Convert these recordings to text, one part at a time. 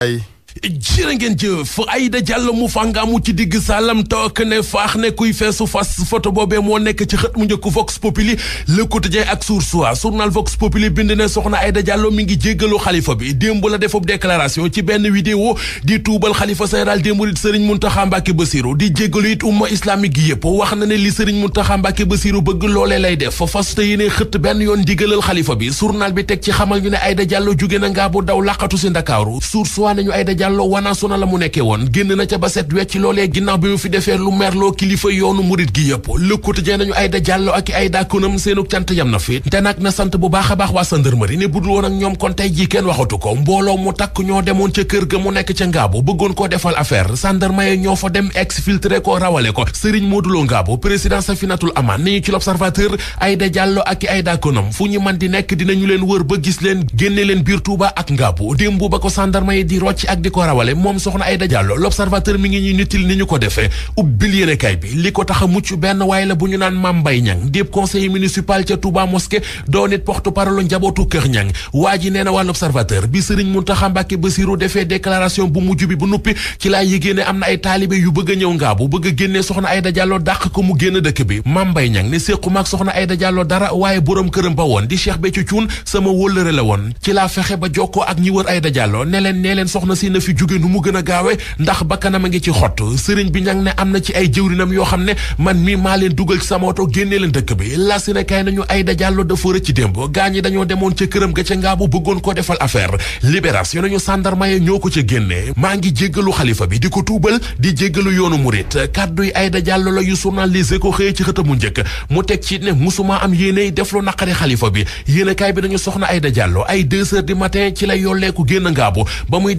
ay jërë ngeen jëf Aïda Diallo mu fàngaamu ci digg saalam toog ne faax ne kuy feesu fas photo boobee moo nekk ci xët mu njëkk Vox Populi Le Quotidien ak Source A journal Vox Populi bind ne soxna Aïda Diallo mi ngi jéggalu xalifa bi démb la defub déclaration ci benn vidéo di tuubal xalifa général des mourides Serigne Mountakha ba Bassirou di jéggalu it umma islamique gi yëpp wax na ne li Serigne Mountakha Mbacké Bassirou bëgg loolee lay def fas te yéene xët benn yoon ndigalal xalifa bi journal bi teg ci xamal ñu ne Aïda Diallo jóge na ngaa bu daw laqatu si Ndakaaru Source A Diallo wanaasu na la mu nekkee woon génn na ca ba wecc loolee ginnaaw bi mu fi defee lu merloo kilifa yoonu murit gi yëpp Le Quotidien nañu Aïda Diallo ak Aïda Konam seenug a baax waa ko mbooloo mu takk ñoo demoon ca kër ga mu nekk ca Ngaabu bëggoon koo defal affaire gendarme yi ñoo fu ñu man di nekk dinañu leen wër ba gis leen génne leen biir Touba ak Ngaabu démb ba ko gendarme yi di rocc ak di ko rawale moom soxna Aïda Diallo l'observateur mi ngi ñuy nitil ni ñu ko defee ubbil yéenekaay bi li ko tax a mucc benn waaye la bu ñu naan Mame Mbaye Niang déeb conseiller municipal ca Touba Mosquée doon it porte-parole njabootu Kër Niang waa ji nee na waa l'observateur bi Serigne Mountakha ba Bassirou defee déclaration bu mujj bi bu nuppi ci laa yégée ne am na ay taalibe yu bëgg a ñëw ngaabu bëgg a génnee soxna ay Diallo dàq ko mu génn dëkk bi Mame Mbaye Niang ne séquma ak soxna Aïda Diallo dara waaye boroom këram ba woon di Cheikh Béthio Thioune sama wóllëre la woon ci laa fexe ba jokkoo ak ñi wër Aïda Diallo ne leen ne leen soxna si na fi jóge nu mu gën a gaawe ndax bakkanam a ngi ci xott sëriñ bi ñang ne am na ci ay jëwrinam yoo xam ne man mii maa leen dugal ci sama oto génnee leen dëkk bi la si nekaay nañu Aïda Diallo dafa rëcc ci démb gaa ñi dañoo demoon ca këram ga ca ngaabu bëggoon ko defal affaire libération nañu sàndarma ye ñoo ko ca génnee maa ngi jéggalu xalifa bi di ko tuubal di jéggalu yoonu mu murit kàdduy Aïda Diallo la yu journal ko Échos ci xët mu njëkk mu teg ci ne musuma am yéeney def lu naqari xalifa bi yéenekaay bi dañu soxna Aïda Diallo ay deux heures du matin ci la yolleeku génn ngaabu ba muy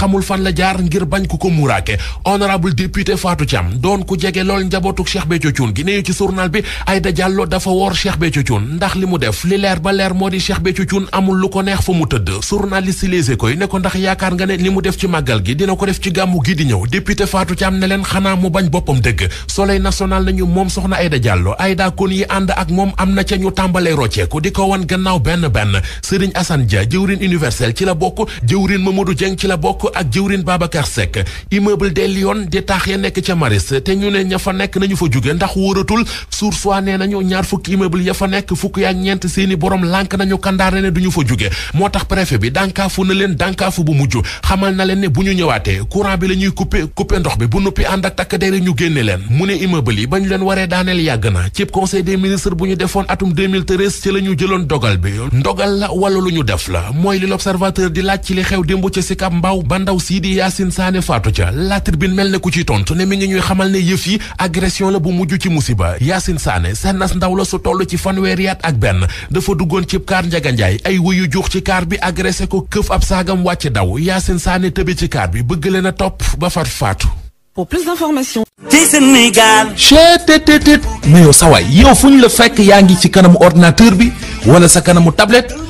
xamul fan la jaar ngir bañ ku ko muuraake honorable député Fatou Thiam doon ku jege lool njabootu Cheikh Béthio Thioune gi neñu ci journal bi Aïda Diallo dafa woor Cheikh Béthio Thioune ndax li mu def li leer ba leer moo di Cheikh Béthio Thioune amul lu ko neex fa mu tëdd journaliste Les Échos yi ne ko ndax yaakaar nga ne li mu def ci màggal gi dina ko def ci gàmmu gi di ñëw député Fatou Thiam ne leen xanaa mu bañ boppam dëgg Soleil national nañu moom soxna Aïda Diallo Aïda kon yi ànd ak moom am na ca ñu tàmbalee rocceeku di ko wan gannaaw benn benn Serigne Assane Dia jëwrin universel ci la bokk jëwrin Mamadou Dieng ci la bokk ko ak jëwrin Babacar Seck immeuble des Lions di taax ya nekk ca Maris te ñu ne ña fa nekk nañu fa jóge ndax wóoratul suur soit nee nañu ñaar fukki immeuble ya fa nekk fukk yaak ñeent seeni borom lànk nañu kandaare ne duñu fa jóge moo tax préfet bi dànkaafu na leen dànkaafu bu mujj xamal na leen ne bu ñu ñëwaatee courant bi la ñuy coupé coupé ndox bi bu nuppi ànd ak takk dere ñu génne leen mu ne immeuble yi bañ leen waree daaneel yàgg na cib conseil des ñu defoon atum 2013 ci la ñu jëloon dogal bi ndogal la lu ñu def la mooy li l'observateur di laaj ci li xew démb ca Sicap Mbao ndaw sii di Yacine Sané faatu ca La Tribune mel ne ku ci tontu ne mi ngi ñuy xamal ne yëf yi agression la bu mujj ci musiba Yacine Sané sennas ndaw la su toll ci fanweeri at ak benn dafa duggoon ci kaar njaganjaay ay wuyu juux ci kaar bi agressé ko këf ab saagam wàcc daw Yacine Sané tëbe ci kaar bi bëgg leen a topp ba far faatu pour plus d'informations. ci Sénégal. mais yow sa waay yow fu ñu la fekk yaa ngi ci kanamu ordinateur bi wala sa kanamu tablette.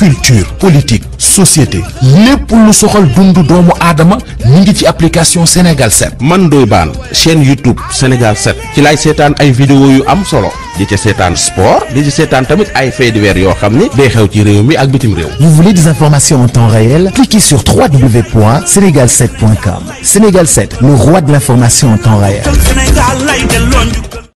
culture politique société lépp lu soxal dundu doomu aadama ñu ngi ci application Sénégal man doy Bane chaîne YouTube Sénégal 7 ci laay seetaan ay vidéo yu am solo di ci seetaan sport di ci seetaan tamit ay faits divers yoo xam ni day xew ci réew mi ak bitim réew. Vous voulez des informations en temps réel? Cliquez sur www.sénégal7.com Sénégal 7, le roi de l'information en temps réel.